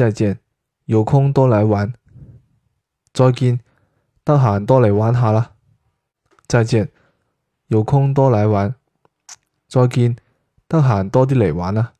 再見，有空多嚟玩。再見，得閒多嚟玩下啦。再見，有空多嚟玩。再見，得閒多啲嚟玩啦。